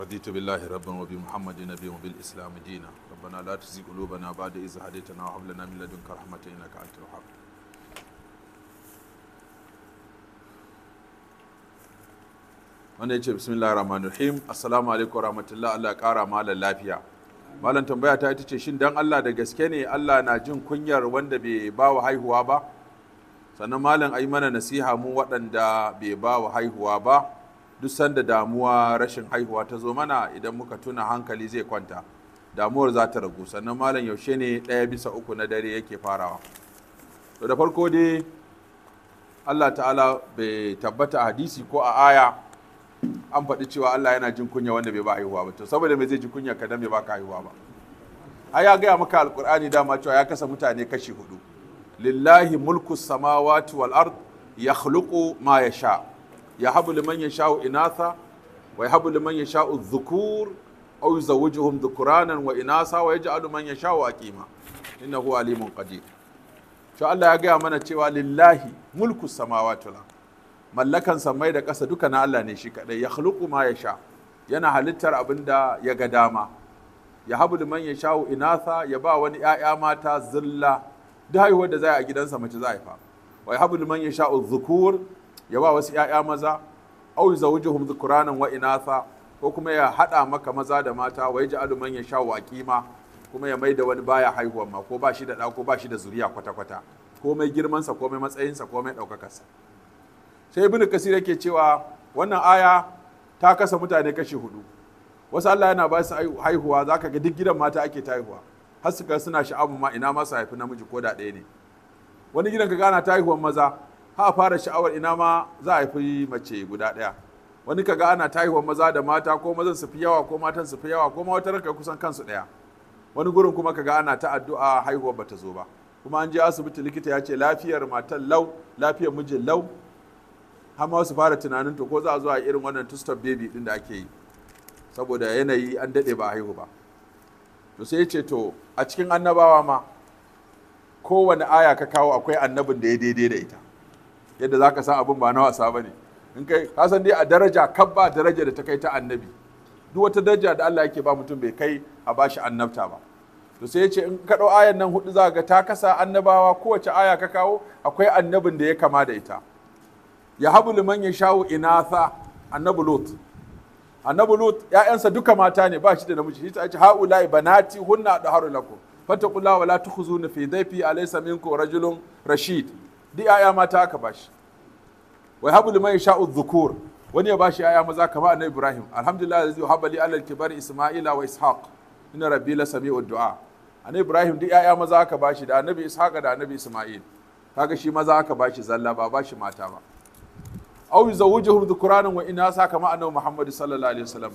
رضيت بالله ربا وبمحمد نبيا وبالاسلام دينا ربنا لا تزغ قلوبنا بعد إذ هديتنا وهب لنا من لدنك الوهاب wanda ya ce bismillah rahman rahim assalamu alaikum rahmatullah Allah kara malam lafiya malam tambaya ta ita ce shin dan Allah da gaske ne Allah na jin kunyar wanda bai ba wa haihuwa ba sannan malam ayi mana nasiha mu waɗanda bai ba wa haihuwa ba duk sanda damuwa rashin haihuwa ta zo mana idan muka tuna hankali zai kwanta damuwar za ta ragu sannan malam yaushe ne ɗaya bisa uku na dare yake farawa to da farko dai Allah ta'ala bai tabbata a hadisi ko a aya an faɗi cewa Allah yana jin kunya wanda bai ba haihuwa ba to saboda me zai ji kunya kadan bai baka haihuwa ba ai ya gaya maka alkur'ani dama cewa ya kasa mutane kashi hudu lillahi mulku samawati wal ard yakhluqu ma yasha' Ya yahabu liman sha'u inatha wa ya yahabu liman sha'u zukur. aw yuzawwijuhum dhukuranan wa inasa wa yaj'alu man yasha'u aqima huwa alimun qadir to Allah ya gaya mana cewa lillahi mulku samawati wal mallakan samai da ƙasa duka na Allah ne shi kadai ya khluqu ma sha. yana halittar abinda ya ga dama ya habu liman ya sha'u inatha ya ba wani ‘ya'ya mata zilla duk haihuwar da za a gidansa mace za a yi fa. wa ya habu liman ya sha'u zukur ya ba wasu ‘ya'ya maza au zawujuhum dhukuranan wa inatha ko kuma ya haɗa maka maza da mata wa aluman ya sha wa kima. kuma ya maida wani baya haihuwa ma ko ba shi da ɗa ko ba shi da zuriya kwata kwata komai girmansa komai matsayinsa komai ɗaukakarsa sai ibnu kasir yake cewa wannan aya ta kasa mutane kashi hudu wasu Allah yana ba su haihuwa za ka ga duk gidan mata ake ta haihuwa har suka suna sha'abu ma ina ma haifi namiji ko da ɗaya ne wani gidan ka gana ta haihuwar maza ha fara sha'awar ina ma za a fi mace guda ɗaya wani kaga ana ta haihuwar maza da mata ko mazan su fi yawa ko matan su fi yawa ko ma wata raka kusan kansu ɗaya wani gurin kuma kaga ana ta addu'a haihuwar bata zo ba kuma an je asibiti likita ya ce lafiyar matan lau lafiyar mijin lau har ma su fara tunanin to ko za a zo a irin wannan two baby din da ake yi saboda yanayi an daɗe ba haihu ba to sai ya ce to a cikin annabawa ma kowane aya ka kawo akwai annabin da ya daidai da ita yadda za ka san abin ba na wasa ba ne in kai ka san dai a daraja kan ba daraja da ta kai ta annabi duk wata daraja da Allah yake ba mutum bai kai a bashi annabta ba to sai ya ce in ka ɗau ayan nan hudu za ga ta kasa annabawa kowace aya ka kawo akwai annabin da ya kama da ita ya habu liman ya shawo inatha annabi lut annabi lut ƴaƴansa duka mata ne ba shi da namiji Ita ce haula banati hunna da haru fata fattaqullaha wala tukhzuna fi dhayfi alaysa minkum rajulun rashid duk yaya mata aka bashi Wai habu liman sha dhukur wani ya bashi yaya maza kamar annabi Ibrahim alhamdulillah allazi habba li alal kibari isma'ila wa ishaq inna rabbi la sami'u du'a annabi Ibrahim duk yaya maza aka bashi da annabi ishaq da annabi isma'il kaga shi maza aka bashi zalla ba bashi mata ba aw yuzawwijuhum dhukuranan wa inasa kama annabi Muhammad sallallahu alaihi wasallam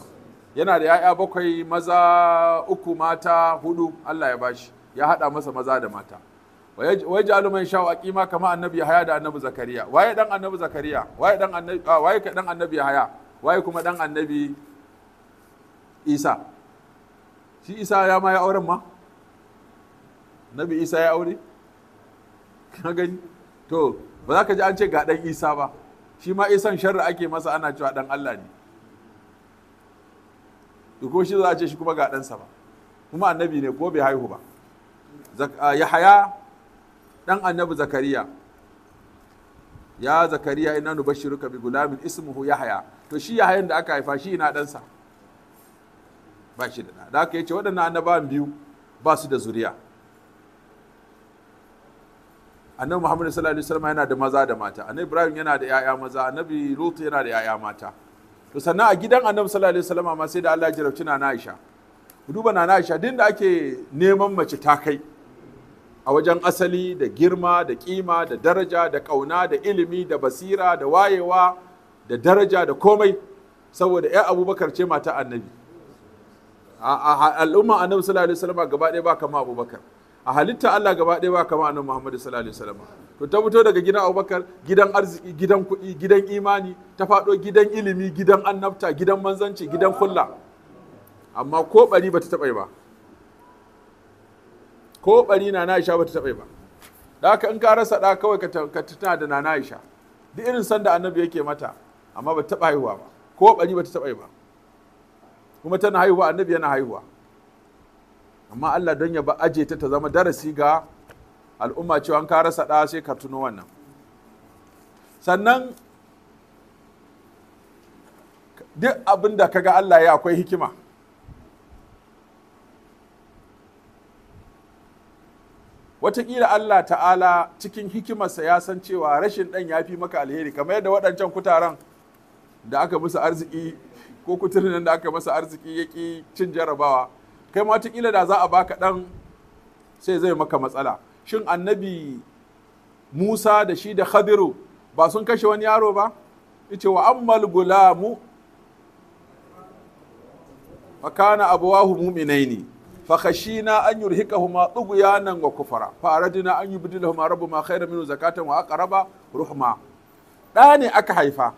yana da yaya bakwai maza uku mata hudu Allah ya bashi ya hada masa maza da mata wai jalu man sha'u aqima kama annabi haya da annabi zakariya waye dan annabi zakariya waye dan annabi waye ka dan annabi haya waye kuma dan annabi isa shi isa ya ma ya auren ma nabi isa ya aure ka gani to ba za ka ji an ce ga dan isa ba shi ma isan sharri ake masa ana cewa dan allah ne to ko shi za a ce shi kuma ga sa ba kuma annabi ne ko bai haihu ba yahaya dan annabi zakariya ya zakariya ina nubashiruka bi gulamin ismuhu yahya to shi yahayan da aka haifa shi ina ɗansa ba shi da da aka yace waɗannan annabawan biyu ba su da zuriya annabi muhammadu sallallahu alaihi wasallam yana da maza da mata annabi ibrahim yana da yaya maza annabi lutu yana da yaya mata to sannan a gidan annabi sallallahu alaihi wasallam ma sai da Allah ya jarabci na Aisha duba na Aisha din da ake neman mace ta kai a wajen asali da girma da kima da daraja da ƙauna da ilimi da basira da wayewa da daraja da komai saboda ya abubakar ce mata annabi a al'umma annabi sallallahu alaihi wasallam gaba ɗaya ba kama abubakar a halitta Allah gaba ɗaya ba kama annabi Muhammadu sallallahu alaihi wasallam to ta fito daga gidan Abubakar gidan arziki gidan kuɗi gidan imani ta faɗo gidan ilimi gidan annabta gidan manzanci gidan kulla amma ko bari bata taɓa yi ba ko bari na Aisha ta taɓa ba da haka in ka rasa ɗa kawai ka tuna da na Aisha duk irin sanda annabi yake mata amma ba ta taɓa haihuwa ba ko bari ta taɓa ba kuma tana haihuwa annabi yana haihuwa amma Allah don ya ba aje ta ta zama darasi ga al'umma cewa an ka rasa ɗa sai ka tuno wannan sannan duk abin da kaga Allah ya akwai hikima Wataƙila Allah ta'ala cikin hikimarsa ya san cewa rashin ɗan ya fi maka alheri kamar yadda waɗancan kutaren da aka musu arziki ko kuturin da aka masa arziki ya ƙi cin jarabawa kai ma wataƙila da za a baka ɗan sai zai maka matsala shin annabi musa da shi da khadiru ba sun kashe wani yaro ba ita wa ammal gulamu kana abuwahu mu'minaini fakashina an ya nan wa kufara fara dina an rabu ma khaira minu zakatan wa aka raba ruhma ɗa ne aka haifa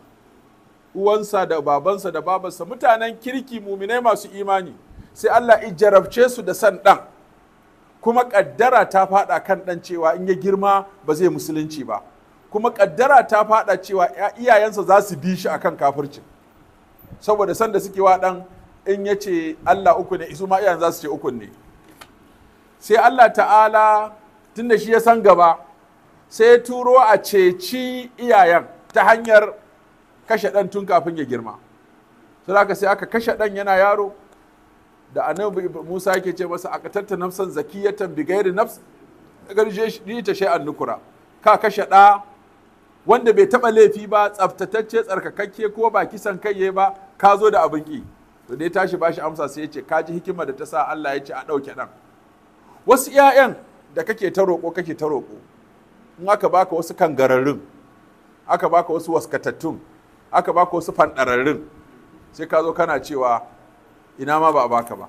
uwansa da babansa da babansa mutanen kirki muminai masu imani sai Allah ijarabce su da san ɗan kuma kaddara ta fada kan ɗan cewa in ya girma ba zai musulunci ba kuma kaddara ta fada cewa iyayensa za su bi shi akan kafircin saboda sanda da suke wa dan in ya ce Allah uku ne isu ma'iyan za su ce uku ne sai Allah ta'ala tun da shi ya san gaba sai turo a ceci iyayen ta hanyar kashe ɗan tun kafin ya girma sai aka sai aka kashe ɗan yana yaro da annabi Musa yake ce masa aka tatta nafsan zakiyatan bi gairi nafs garje ta shay'an nukura ka kashe ɗa wanda bai taɓa laifi ba tsaftatacce tsarkakakke ko ba kisan kai ba ka zo da abin ƙi to dai tashi ba shi amsa sai ya ce kaji hikima da ta sa Allah ya ce a ɗauke ɗan wasu yayan da kake ta roƙo kake ta roƙo in aka baka wasu kangararrun aka baka wasu waskatattun aka baka wasu fanɗararrun sai ka zo kana cewa ina ma ba a baka ba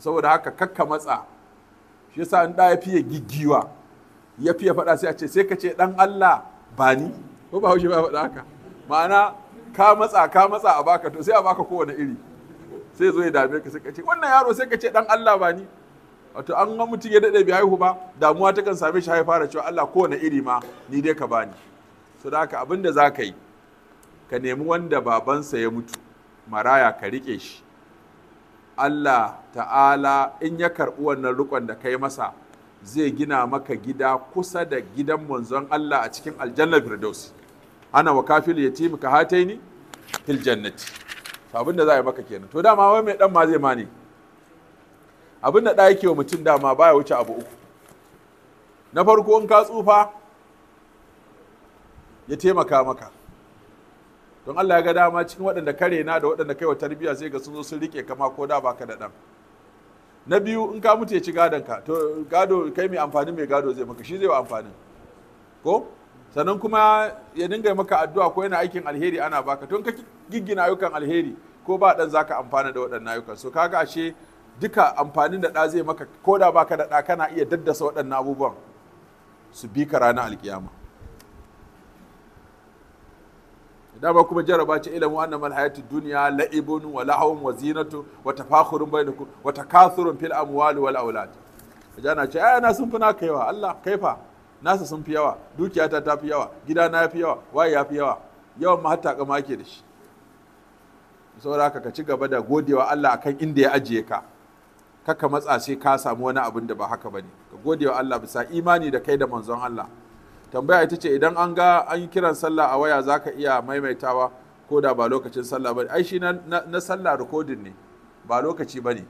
saboda haka kakka matsa shi yasa in ɗa ya fiye giggiwa ya fiye faɗa sai a ce sai ka ce ɗan Allah ba ni ko ba haushe ba faɗa haka ma'ana ka matsa ka matsa a baka to sai a baka kowane iri sai zo ya dame ka sai ka ce wannan yaro sai ka ce dan Allah ba ni wato an ga mutum ya dade bai haihu ba damuwa ta kan same shi haifa fara cewa Allah kowane iri ma ni dai ka bani so da haka abin za ka yi ka nemi wanda babansa ya mutu maraya ka rike shi Allah ta'ala in ya karɓi wannan rikon da kai masa zai gina maka gida kusa da gidan manzon Allah a cikin aljannar firdausi ana wa kafil yatim ka hataini fil jannati abin da za a yi maka kenan to dama wai mai dan ma zai mani abinda abin da da yake wa mutum dama baya wuce abu uku na farko in ka tsufa ya taimaka maka don Allah ya ga dama cikin waɗanda kare na da waɗanda kai wa tarbiyya sai ga sun zo sun rike kama ko da baka da dan na biyu in ka mutu ya ci gadon ka to gado kai mai amfani mai gado zai maka shi zai wa amfanin ko sannan kuma ya dinga maka addu'a ko yana aikin alheri ana baka to in ka giggina ayyukan alheri ko ba dan zaka amfana da waɗannan ayyukan so kaga ashe duka amfanin da ɗa zai maka ko da baka da ɗa kana iya daddasa waɗannan abubuwan su bi ka ranar alkiyama dama kuma jaraba ce ilimin wannan man hayatid duniya la'ibun wa lahawun wa zinatu wa tafakhurun bainakum wa takathurun fil amwali wal aulad jana ce ai sun fi kaiwa Allah kaifa nasa sun fi yawa dukiyata ta fi yawa na ya fi yawa waye ya fi yawa yawan ma hatta kama ake da shi saboda haka ka ci gaba da godewa Allah akan inda ya ajiye ka kaka matsa sai ka samu wani abin da ba haka bane ka godewa Allah bisa imani da kai da manzon Allah tambaya ita ce idan an ga an kiran sallah a waya zaka iya maimaitawa ko da ba lokacin sallah bane ai shi na, na sallah recording ne ba lokaci bane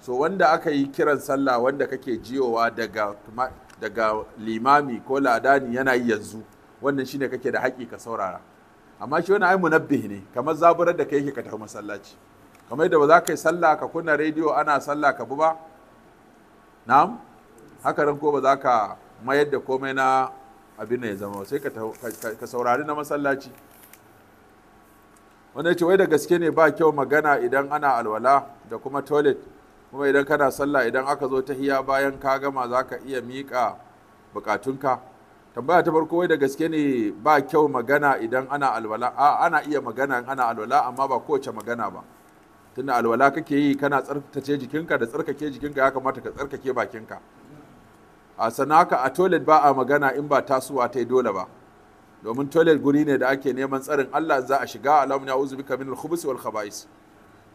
so wanda aka yi kiran sallah wanda kake jiyowa daga daga limami ko ladani yana yi yanzu wannan shine kake da haƙi ka saurara amma shi wani ai munabbih ne kamar zaburar da kai yake ka tafi masallaci kamar yadda ba za ka yi sallah ka kunna rediyo ana sallah ka bi ba na'am haka ran ko ba za ka mayar da komai na abin ya zama sai ka saurari na masallaci Wannan ce wai da gaske ne ba kyau magana idan ana alwala da kuma toilet kuma idan kana sallah idan aka zo ta hiya bayan ka gama za ka iya miƙa buƙatunka tambaya ta farko wai da gaske ne ba kyau magana idan ana alwala a ana iya magana in ana alwala amma ba kowace magana ba tunda alwala kake yi kana tsarkace jikinka da tsarkake jikinka ya kamata ka tsarkake bakinka a sanaka a toilet ba a magana in ba tasowa ta yi dole ba domin toilet guri ne da ake neman tsarin Allah za a shiga alamun ya uzu bika min al-khubusi wal khaba'is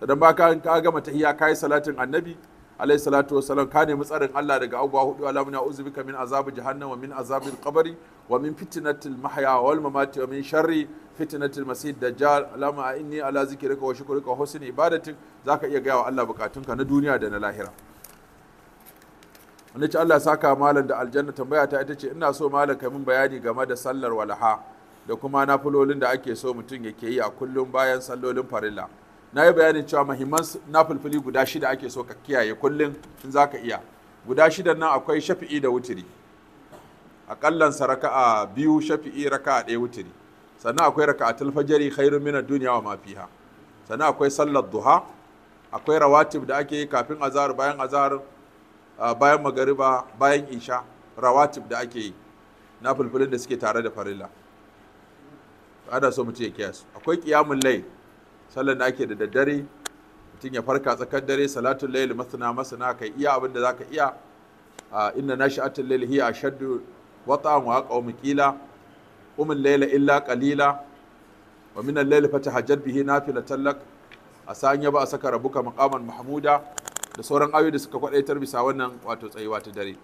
sadan ba ka ka gama tahiyya kai salatin annabi alayhi salatu wasalam ka nemi tsarin Allah daga abubuwa hudu a'udhu bika min azab jahannam wa min al-qabr wa min fitnatil mahya wal mamati wa min sharri fitnatil masih dajjal alama inni ala zikrika wa shukrika wa husni ibadatik zaka iya gaya wa Allah bukatunka na duniya da na lahira wani ce Allah saka malam da aljanna tambaya ta ita ce ina so malam kai min bayani game da sallar walaha da kuma nafilolin da ake so mutum yake yi a kullum bayan sallolin farilla na yi bayanin cewa mahimman nafulfuli guda shida ake so ka kiyaye kullum in za ka iya guda shida nan akwai shafi'i da wutiri aƙallansa raka'a biyu shafi'i raka'a ɗaya wuturi. sannan akwai raka'atul fajri khairun min ad wa ma sannan akwai sallar duha akwai rawatib da ake yi kafin azhar bayan azhar bayan magariba bayan isha rawatib da ake yi na fulfulin da suke tare da farilla ana so mutum ya kiyasu akwai qiyamul layl sallar da ake da daddare mutum ya farka tsakar dare salatul layl masana masana kai iya abin da zaka iya inna nashi'atul layl hiya ashaddu wata'an wa qawm qila umul layla illa qalila wa min al-layl fatahajjat bihi nafilatan lak asan saka asaka rabbuka maqaman mahmuda da sauran ayoyi da suka kwadaitar bisa wannan wato tsayuwa wato dare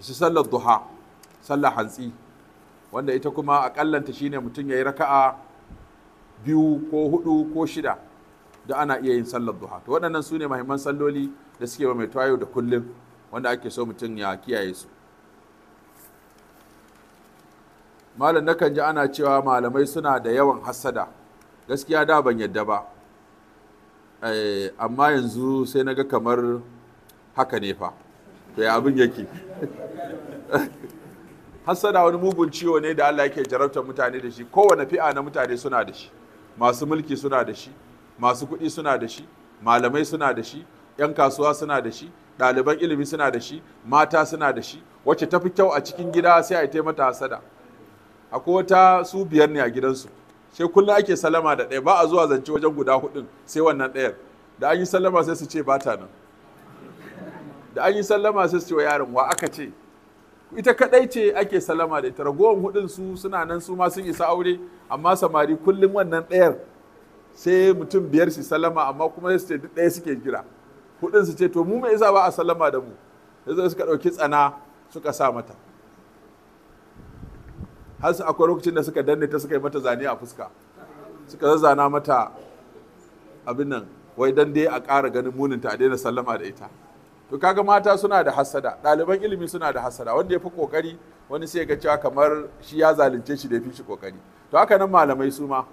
su sallar duha sallar hantsi wanda ita kuma a akallanta shine mutum yayi raka'a biyu ko hudu ko shida da ana iya yin sallar duha to waɗannan su ne mahimman salloli da suke mai tayo da kullum wanda ake so mutum ya kiyaye su malam nakan ji ana cewa malamai suna da yawan hassada gaskiya da ban yadda ba eh, amma yanzu sai na ga kamar haka ne fa to ya abin yake hassada wani mugun ciwo ne da Allah yake jarabtar mutane da shi kowane fi'a na mutane suna da shi masu mulki suna da shi masu kuɗi suna da shi malamai suna da shi 'yan kasuwa suna da shi ɗaliban ilimi suna da shi mata suna da shi wacce tafi kyau a cikin gida sai a yi mata hasada akwai wata su biyar ne a gidansu sai kullum ake salama da ɗaya ba a zuwa zance wajen guda hudun sai wannan ɗayar da an yi sallama sai su ce ba ta nan da an yi sallama sai su ce wa yaron wa aka ce ita kadai ce ake salama da ita ragowar hudun su suna nan su ma sun isa aure amma samari kullum wannan ɗayar sai mutum biyar su salama amma kuma su ce duk ɗaya suke jira hudun su ce to mu mai isa ba a salama da mu zai suka ɗauki tsana suka sa mata har su akwai lokacin da suka danne ta suka yi mata zane a fuska suka zazzana mata abin nan wai dan dai a ƙara ganin muninta a daina sallama da ita to kaga mata suna da hasada ɗaliban ilimi suna da hasada wanda ya fi kokari wani sai ga cewa kamar shi ya zalunce shi da ya fi shi kokari to haka nan malamai su ma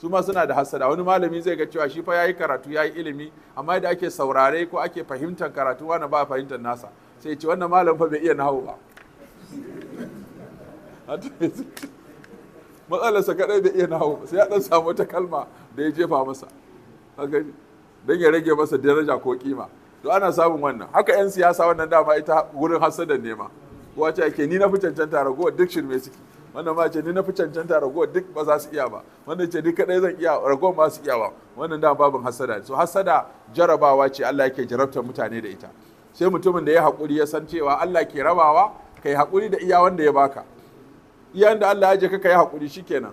su ma suna da hasada wani malami zai ga cewa shi fa yayi karatu yayi ilimi amma da ake saurare ko ake fahimtar karatu wani ba fahimtar nasa sai ce wannan malam fa bai iya nahawu ba matsalarsa kadai bai iya nahawu sai ya dan samu wata kalma da ya jefa masa don ya rage masa daraja ko kima to ana samun wannan haka 'yan siyasa wannan dama ita wurin hasadan nema kowa ce ake ni na fi cancanta taragowa duk shirme suke wannan ma ce ni na fi cancanta taragowa duk ba za su iya ba wannan ce ni kadai zan iya ragowar ba su iya ba wannan dama babin hasada so hasada jarabawa ce Allah yake jarabtar mutane da ita sai mutumin da ya haƙuri ya san cewa Allah ke rabawa kai haƙuri da iya wanda ya baka iya da Allah ya je ka kai haƙuri shikenan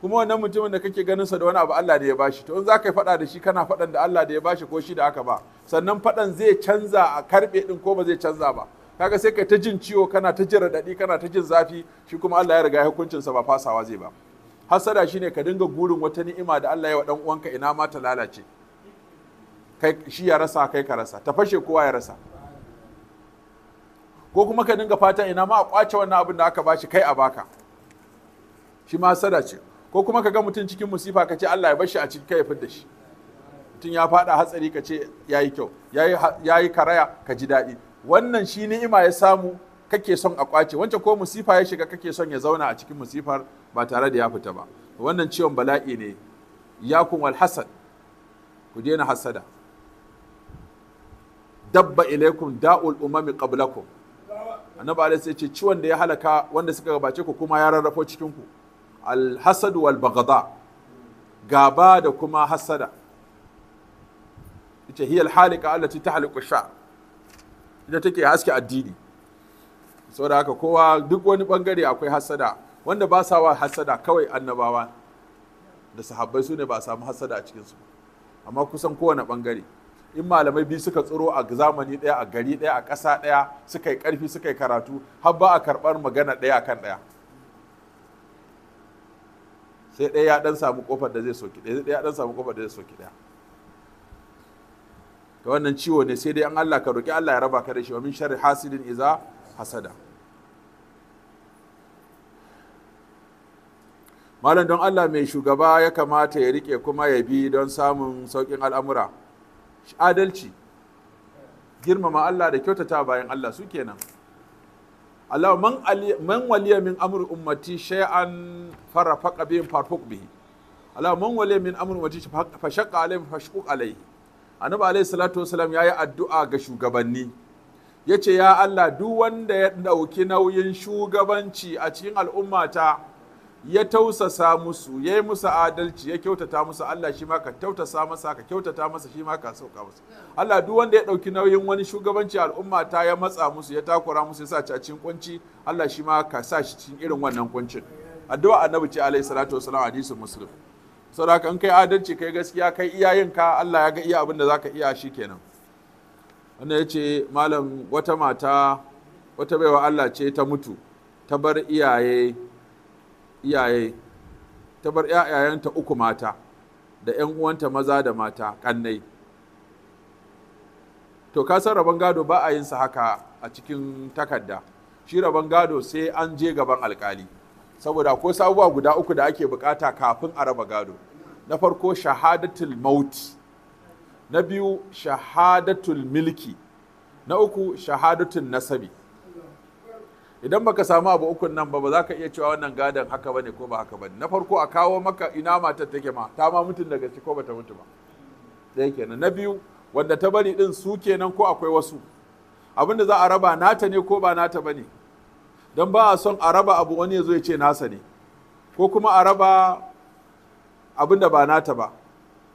kuma wannan mutumin da kake ganin sa da wani abu Allah da ya bashi to in za ka faɗa da shi kana faɗan da Allah da ya bashi ko shi da aka ba sannan faɗan zai canza a karɓe ɗin ko ba zai canza ba kaga sai kai ta jin ciwo kana ta jin raɗaɗi kana ta jin zafi shi kuma Allah ya riga hukuncinsa ba fasawa zai ba hasada shine ka dinga gurin wata ni'ima da Allah ya wa dan uwanka ina ma ta lalace kai shi ya rasa kai ka rasa ta fashe kowa ya rasa ko kuma ka dinga fatan ina ma a kwace wannan abin da aka bashi kai a baka shi ma hasada ce ko kuma ka ga mutum cikin musifa ka ce Allah ya bar shi a cikin kai ya da shi mutum ya fada hatsari ka ce ya yi kyau ya yi karaya ka ji daɗi wannan shi ni'ima ya samu kake son a kwace wancan ko musifa ya shiga kake son ya zauna a cikin musifar ba tare da ya fita ba wannan ciwon bala'i ne ya wal hasad ku daina hasada dabba ilaikum da'ul umami qablakum annabi alayhi sai ce ciwon da ya halaka wanda suka gabace ku kuma ya rarrafo cikin ku alhasadu wal bagada gaba da kuma hasada ita hiya halika allati tahliqu sha ita take haske addini saboda haka kowa duk wani bangare akwai hasada wanda ba sa wa hasada kawai annabawa da sahabbai su ne ba samu hasada a cikinsu amma kusan kowane bangare in malamai biyu suka tsoro a zamani daya, a gari daya, a ƙasa ɗaya suka yi ƙarfi suka yi karatu har ba a karɓar magana ɗaya kan daya. sai ɗaya ya ɗan samu kofar da zai soki ɗaya ɗaya ya ɗan samu kofar da zai soki ɗaya ta wannan ciwo ne sai dai an Allah ka roki Allah ya raba ka da shi wa min sharri hasidin iza hasada malam don Allah mai shugaba ya kamata ya rike kuma ya bi don samun saukin al'amura adalci girmama Allah da kyautata bayan Allah su kenan Allah man man waliya min amr ummati shay'an faqa bi farfuq bihi Allah man waliya min amr ummati fa shaqqa alayhi fa shaqqa alayhi Annabi alayhi salatu wasalam yayi addu'a ga shugabanni yace ya Allah duk wanda ya dauki nauyin shugabanci a cikin al'ummata ya tausasa musu ya yi musu adalci ya kyautata musu Allah shi ma ka tautasa masa ka kyautata masa shi ma ka sauka musu Allah duk wanda ya ɗauki nauyin wani shugabanci al'umma ta ya matsa musu ya takura musu ya sa cacin kunci Allah shi ma ka sa shi cikin irin wannan kuncin addu'a annabi ce alaihi salatu wasalam hadisi muslim saboda in kai adalci kai gaskiya kai iyayenka Allah ya ga iya abin da zaka iya shikenan wannan yace malam wata mata wata baiwa Allah ce ta mutu ta bar iyaye iyaye ta bar ‘ya'yayanta uku mata da ‘yan uwanta maza da mata ƙannai to kasan rabon gado ba a yin sa haka a cikin takarda shi rabon gado sai an je gaban alkali saboda ko sabuwa guda uku da ake bukata kafin a raba gado na farko shahadatul maut na biyu shahadatul milki na uku shahadatul nasabi idan baka samu abu ukun nan ba ba za ka iya cewa wannan gadon haka bane ko ba haka bane na farko a kawo maka ina matar take ma ta ma mutun daga ciki ko bata mutu ba ɗaya kenan na biyu wanda ta bari din su kenan ko akwai wasu abinda za a raba nata ne ko ba nata bane don ba a son a raba abu wani ya zo ya ce nasa ne ko kuma a raba abinda ba nata ba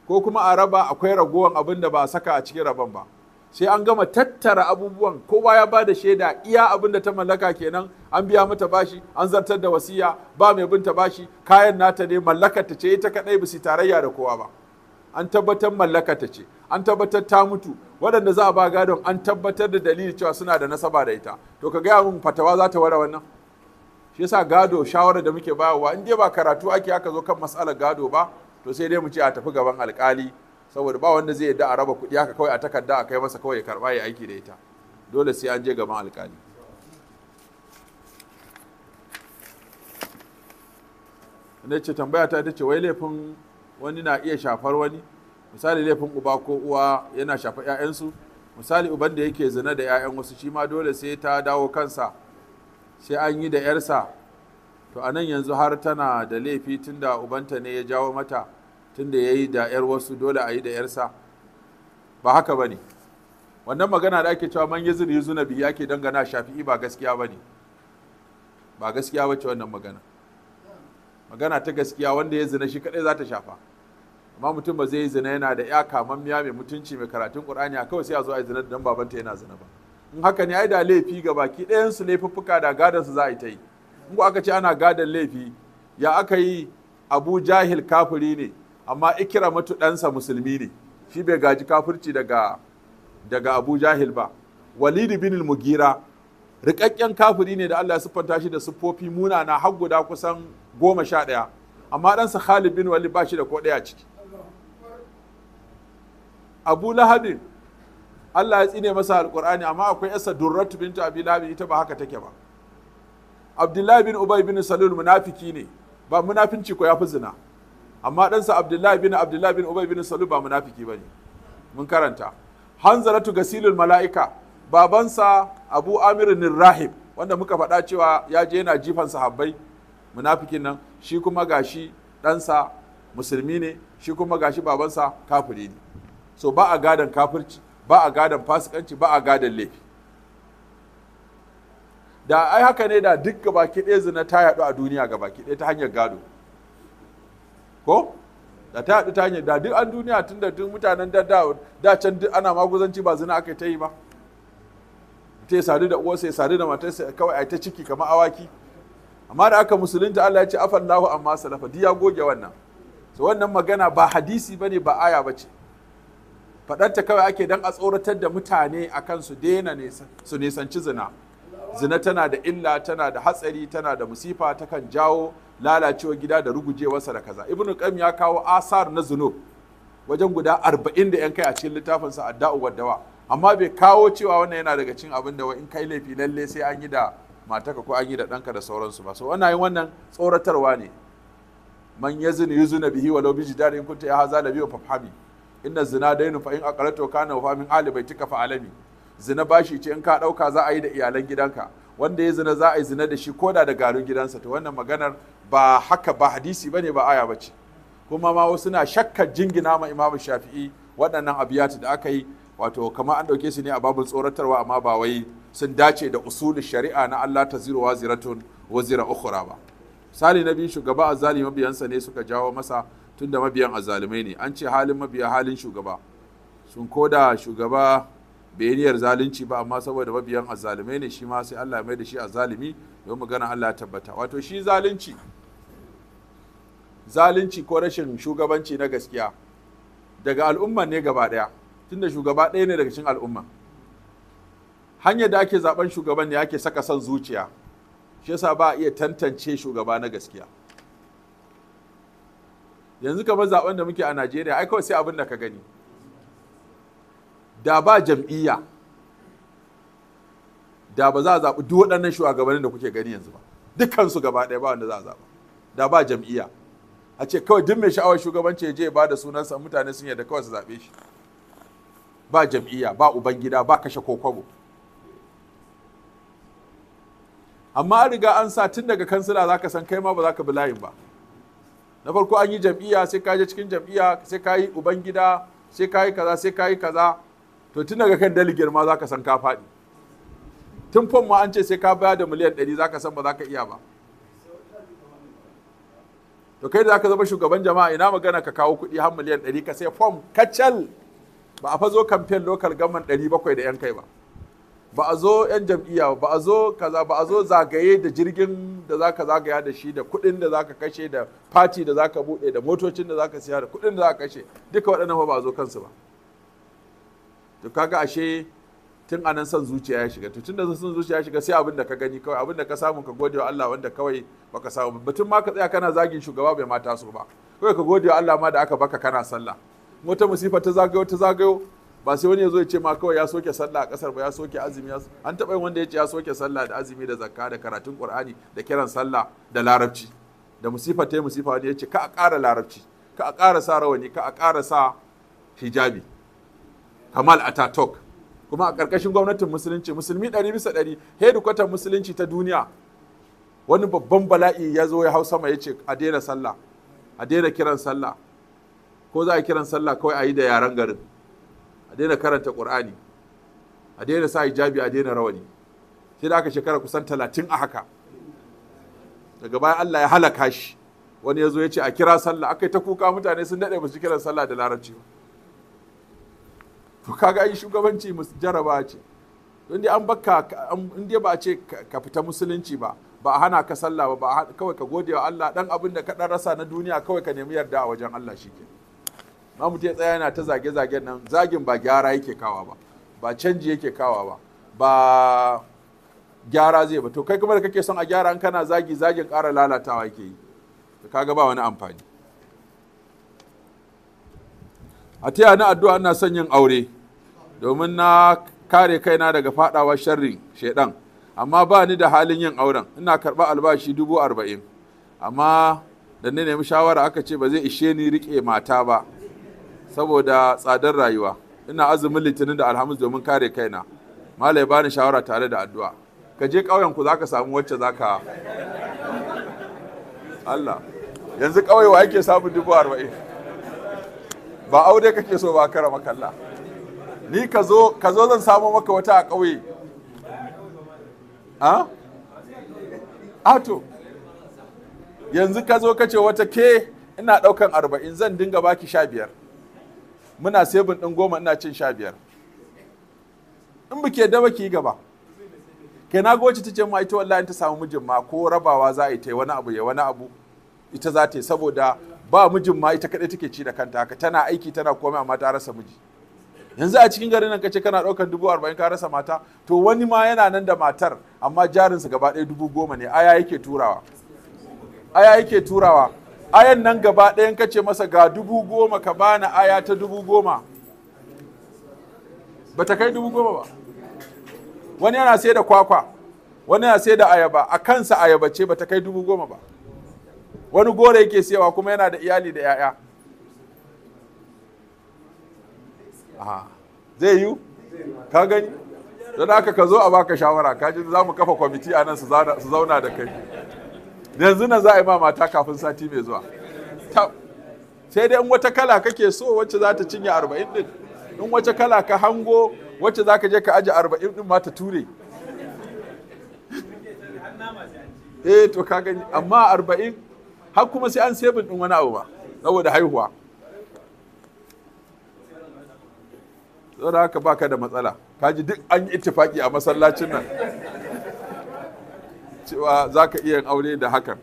ko kuma a raba akwai ragowan abinda ba a saka a cikin raban ba sai an gama tattara abubuwan kowa ya ba da shaida iya abin da ta mallaka kenan an biya mata bashi an zartar da wasiya ba mai binta bashi kayan nata ne ta ce ita kadai ba su tarayya da kowa ba an tabbatar ta ce an tabbatar ta mutu waɗanda za a ba gadon an tabbatar da dalili cewa suna da nasaba da ita to ka gaya min fatawa za ta ware wannan shi yasa gado shawarar da muke bayarwa in dai ba karatu ake aka zo kan matsalar gado ba to sai dai mu ce a tafi gaban alkali saboda ba wanda zai yadda a raba kuɗi haka kawai a takarda a kai masa kawai ya karɓa ya aiki da ita dole sai an je gaban alkali na ce tambaya ta ita ce wai laifin wani na iya shafar wani misali laifin uba ko uwa yana shafar 'ya'yansu misali uban da yake zina da 'ya'yan wasu shi ma dole sai ta dawo kansa sai an yi da 'yarsa to a nan yanzu har tana da laifi tunda ubanta ne ya jawo mata tunda ya yi da 'yar wasu dole a yi da 'yarsa ba haka ba ne wannan magana da ake cewa man yazir yuzu na biyu ake dangana shafi'i ba gaskiya ba ne ba gaskiya ba ce wannan magana magana ta gaskiya wanda ya zina shi kadai za ta shafa amma mutum ba zai yi zina yana da ya kamammiya mai mutunci mai karatun qur'ani a kawai sai a zo a yi zina dan babanta yana zina ba in haka ne ai da laifi ga baki ɗayan su laifuffuka da gadon su za a yi ta yi in aka ce ana gadan laifi ya aka yi abu jahil kafiri ne amma ikramatu ɗansa musulmi ne shi bai gaji kafirci daga daga abu jahil ba walidi bin mugira rikakken kafiri ne da allah ya siffanta shi da siffofi munana har guda kusan goma sha ɗaya amma ɗansa khalid bin walid ba shi da ko ɗaya ciki abu lahabin allah ya tsine masa alkur'ani amma akwai yasa durratu bin abi lahabin ita ba haka take ba abdullahi bin ubay bin salul munafiki ne ba munafinci ko ya fi zina amma ɗansa abdullahi bin abdullahi bin ubai bin salu ba munafiki ne mun karanta hanzaratu gasilul mala'ika babansa abu amirin nirrahim wanda muka faɗa cewa ya je yana jifan sahabbai munafikin nan shi kuma gashi ɗansa musulmi ne shi kuma gashi babansa kafiri ne so ba a gadon kafirci ba a gadon fasikanci ba a gadon laifi da ai haka ne da duk gabaki ɗaya zina ta yaɗu a duniya gabaki ɗaya ta hanyar gado ko da ta haɗu ta yi da duk an duniya tun da tun mutanen da da can duk ana maguzanci ba zina aka ta yi ba ta ya sadu da uwarsa ya sadu da matarsa kawai a ta ciki kamar awaki amma da aka musulunta Allah ya ce afallahu amma salafa duk ya goge wannan so wannan magana ba hadisi bane ba aya bace faɗarta kawai ake dan a tsoratar da mutane akan su daina su nisanci zina zina tana da illa tana da hatsari tana da musifa takan jawo lalacewa gida da rugujewarsa da kaza Ibn qayyim ya kawo asar na zunub wajen guda 40 da yan kai a cikin littafin sa adda'u waddawa amma bai kawo cewa wannan yana daga cikin abin da in kai laifi lalle sai an yi da mataka ko an yi da danka da sauransu ba so wannan yin wannan tsoratarwa ne man yazini yuzuna bihi walau bi jidari in kunta ya haza da wa fafhami inna zina dainu fa in aqalatu kana wa famin ali baitika fa alami zina bashi ce in ka dauka za a yi da iyalan gidanka wanda ya zina za a yi zina da shi koda da garin gidansa to wannan maganar ba haka ba hadisi bane ba aya bace kuma ma wasu na shakkar jingina ma imamu shafi'i waɗannan abiyatu da aka yi wato kamar an ɗauke su ne a babul tsoratarwa amma ba wai sun dace da usulin shari'a na Allah ta ziro wa ziratun wa zira ukhra ba misali na biyu shugaba azali mabiyansa ne suka jawo masa tunda mabiyan azalimai ne an ce halin mabiya halin shugaba sun koda shugaba bayaniyar zalunci ba amma saboda mabiyan azalimai ne shi ma sai Allah ya mai da shi azalimi don magana Allah ya tabbata wato shi zalunci zalunci ko rashin shugabanci na gaskiya daga al'umma ne gaba ɗaya tunda shugaba ɗaya ne daga cikin al'umma hanyar da ake zaben shugaban ne ake saka son zuciya shi yasa ba a iya tantance shugaba na gaskiya yanzu kamar zaben da muke a Najeriya ai kawai sai abin da ka gani da ba jam'iyya da ba za a zaɓi duk waɗannan shugabannin da kuke gani yanzu ba dukkansu gaba ɗaya ba wanda za a zaɓa da ba jam'iyya a ce kawai duk mai sha'awar shugabanci ya je ba da sunansa mutane sun yarda kawai su zaɓe shi ba jam'iyya ba ubangida ba kashe kokobo amma an riga an sa tun daga kansila zaka san kai ma ba za ka bi layin ba na farko an yi jam'iyya sai ka je cikin jam'iyya sai ka yi ubangida sai ka yi kaza sai ka yi kaza to tun daga kan daligir ma za ka san ka faɗi tun fom ma an ce sai ka baya da miliyan ɗari za ka san ba za ka iya ba to kai da zaka zama shugaban jama'a ina magana ka kawo kuɗi har miliyan ɗari ka sai fom kacal ba a fa zo kamfen lokal gaman ɗari bakwai da yan kai ba ba a zo yan jam'iyya ba a zo kaza ba a zo zagaye da jirgin da zaka zagaya da shi da kuɗin da zaka kashe da fati da zaka buɗe da motocin da zaka siya da kuɗin da zaka kashe duka waɗannan ba a zo kansu ba to kaga ashe tun anan son zuciya ya shiga to tun da son zuciya ya shiga sai abin da ka gani kawai abin da ka samu ka gode wa Allah wanda kawai baka samu batun ma ka tsaya kana zagin shugaba bai mata su ba kawai ka gode wa Allah ma da aka baka kana sallah wata musifa ta zagayo ta zagayo ba sai wani ya zo ya ce ma kawai ya soke sallah a kasar ba ya soke azumi an taba yin wanda ya ce ya soke sallah da azumi da zakka da karatun qur'ani da kiran sallah da larabci da musifa ta yi musifa wani ya ce ka a ƙara larabci ka a ƙara sa rawani ka a ƙara sa hijabi kamal atatok kuma a ƙarƙashin gwamnatin musulunci musulmi ɗari bisa ɗari hedikwatar musulunci ta duniya wani babban bala'i ya zo ya hau sama ya ce a daina sallah a daina kiran sallah ko za a kiran sallah kawai a yi da yaren garin a daina karanta ƙur'ani a daina sa hijabi a daina rawani sai da aka shekara kusan talatin a haka daga baya Allah ya halaka shi wani ya zo ya ce a kira sallah aka yi ta kuka mutane sun daɗe ba su kiran sallah da larabci ba to kaga ai shugabanci jaraba ce in dai an baka in ba a ce ka fita musulunci ba ba a hana ka sallah ba kawai ka gode wa Allah dan abin da ka dan rasa na duniya kawai ka nemi yarda a wajen Allah shike ma mutum ya tsaya yana ta zage zage nan zagin ba gyara yake kawa ba ba canji yake kawa ba ba gyara zai ba to kai kuma da kake son a gyara an kana zagi zagin ƙara lalatawa yake yi kaga ba wani amfani a taya na addu'a ina son yin aure domin na kare kaina daga fadawa sharrin shaidan amma ba ni da halin yin auren ina karba albashi dubu arba'in amma da ni nemi shawara aka ce ba zai ishe ni rike mata ba saboda tsadar rayuwa ina azumin litinin da alhamis domin kare kaina malai bani shawara tare da addu'a ka je ƙauyen ku zaka samu wacce zaka Allah yanzu ƙauye wa ake samun dubu arba'in ba aure kake so ba kara makalla ni ka zo zan samo maka wata a ƙauye a ah? ato ah, yanzu ka zo ka ce wata ke ina ɗaukan arba'in zan dinga baki sha biyar muna sebin ɗin goma ina cin sha biyar in buke da baki gaba Ke na goci ta ce ma ita wallahi ta samu mijin ma ko rabawa za a yi ta wani abu ya wani abu ita za ta yi saboda ba mijin ma ita kadai take ci da kanta haka tana aiki tana komai amma ta rasa miji yanzu a cikin garin nan kace kana ɗaukar dubu arba'in ka rasa mata to wani ma yana nan da matar amma jarinsa gaba ɗaya dubu goma ne aya yake turawa aya yake turawa ayan nan gaba ɗayan kace masa ga dubu goma ka bani aya ta dubu goma ba ta kai dubu goma ba wani yana sai da kwakwa wani yana sai da ayaba a kansa ayaba ce ba ta kai dubu goma ba wani goro yake siyawa kuma yana da iyali da 'ya'ya zai yiwu ka gani don haka ka zo a baka shawara ka ji za mu kafa kwamiti a nan su zauna da kai yanzu nan za a yi ma mata kafin sati mai zuwa sai dai in wata kala kake so wacce za ta cinye arba'in din in wace kala ka hango wacce za ka je ka aji arba'in din ma ta ture eh to ka gani amma arba'in har kuma sai an sebin din wani abu ba saboda haihuwa saboda haka baka da matsala ka ji duk an yi itifaki a masallacin nan cewa za ka iya aure da hakan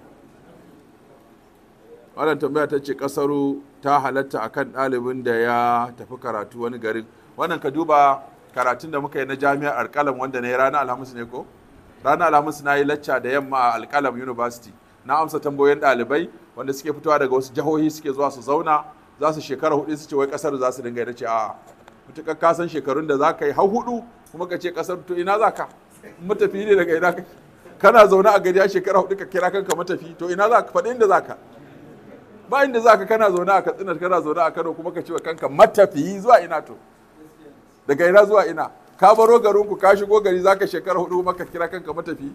wannan tambaya ta ce kasaru ta halatta akan ɗalibin da ya tafi karatu wani garin wannan ka duba karatun da muka yi na jami'ar alkalam wanda na yi ranar alhamis ne ko ranar alhamis na yi lacca da yamma a alkalam university na amsa tambayoyin ɗalibai wanda suke fitowa daga wasu jihohi suke zuwa su zauna za su shekara hudu su ce wai kasar za su dinga ce a mutukar ka san shekarun da za ka yi har hudu kuma ka ce kasar to ina za ka matafi ne daga ina kana zaune a gari shekara hudu ka kira kanka matafi to ina za ka faɗi inda za ka ba inda za ka kana zaune a katsina kana zaune a kano kuma ka ce wa kanka matafi zuwa ina to daga ina zuwa ina ka baro garinku ka shigo gari za ka shekara hudu kuma ka kira kanka matafi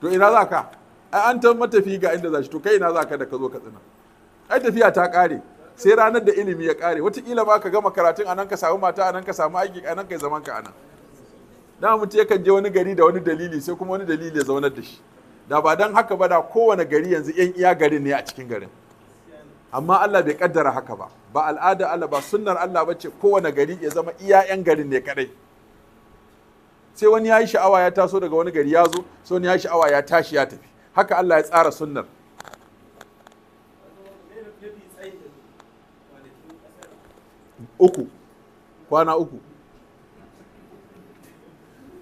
to ina za ka an ta matafi ga inda za shi to kai na za ka da ka zo ka tsina ai tafiya ta kare sai ranar da ilimi ya kare wataƙila ma ka gama karatun anan ka samu mata anan ka samu aiki anan kai zaman ka anan da mutum yakan je wani gari da wani dalili sai kuma wani dalili ya zaunar da shi da ba don haka ba da kowane gari yanzu yan iya garin ne a cikin garin amma Allah bai kaddara haka ba ba al'ada Allah ba sunnar Allah ba ce kowane gari ya zama iya yan garin ne kadai sai wani ya yi sha'awa ya taso daga wani gari ya zo sai wani ya yi sha'awa ya tashi ya tafi haka Allah ya tsara sunnar uku kwana uku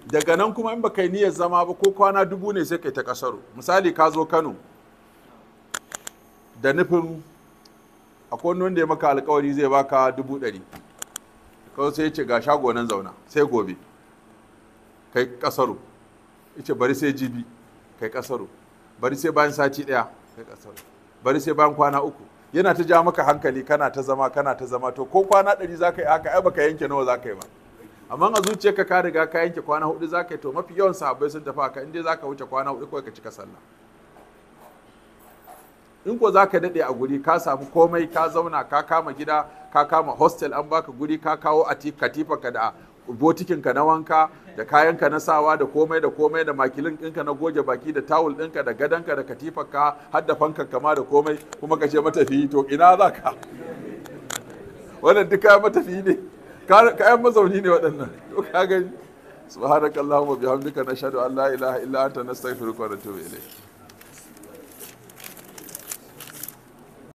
daga nan kuma in baka yi niyyar zama ba ko kwana dubu ne sai kai ta kasaro misali ka zo Kano da nufin akwai wani wanda ya maka alkawari zai baka dubu ɗari kawai sai ya ce ga shago nan zauna sai gobe kai kasaro ya ce bari sai jibi kai kasaro bari sai bayan sati ɗaya bari sai bayan kwana uku yana ta ja maka hankali kana ta zama kana ta zama to ko kwana ɗari za ka yi haka ai baka yanke nawa za ka yi ba amma a zuciyarka ka riga ka yanke kwana hudu za ka yi to mafi yawan sahabbai sun tafi haka inda za ka wuce kwana hudu kawai ka cika sallah in ko za ka daɗe a guri ka samu komai ka zauna ka kama gida ka kama hostel an baka guri ka kawo a ka da botikinka na wanka da kayanka na sawa da komai da komai da makilin ɗinka na goge baki da tawul ɗinka da gadonka da katifarka har da fankan kama da komai kuma ka ce matafiyi to ina za ka wannan duk kayan matafiyi ne kayan mazauni ne waɗannan to ka gani subhanakallahumma bihamdika nashhadu an la ilaha illa anta nastaghfiruka wa natubu ilayk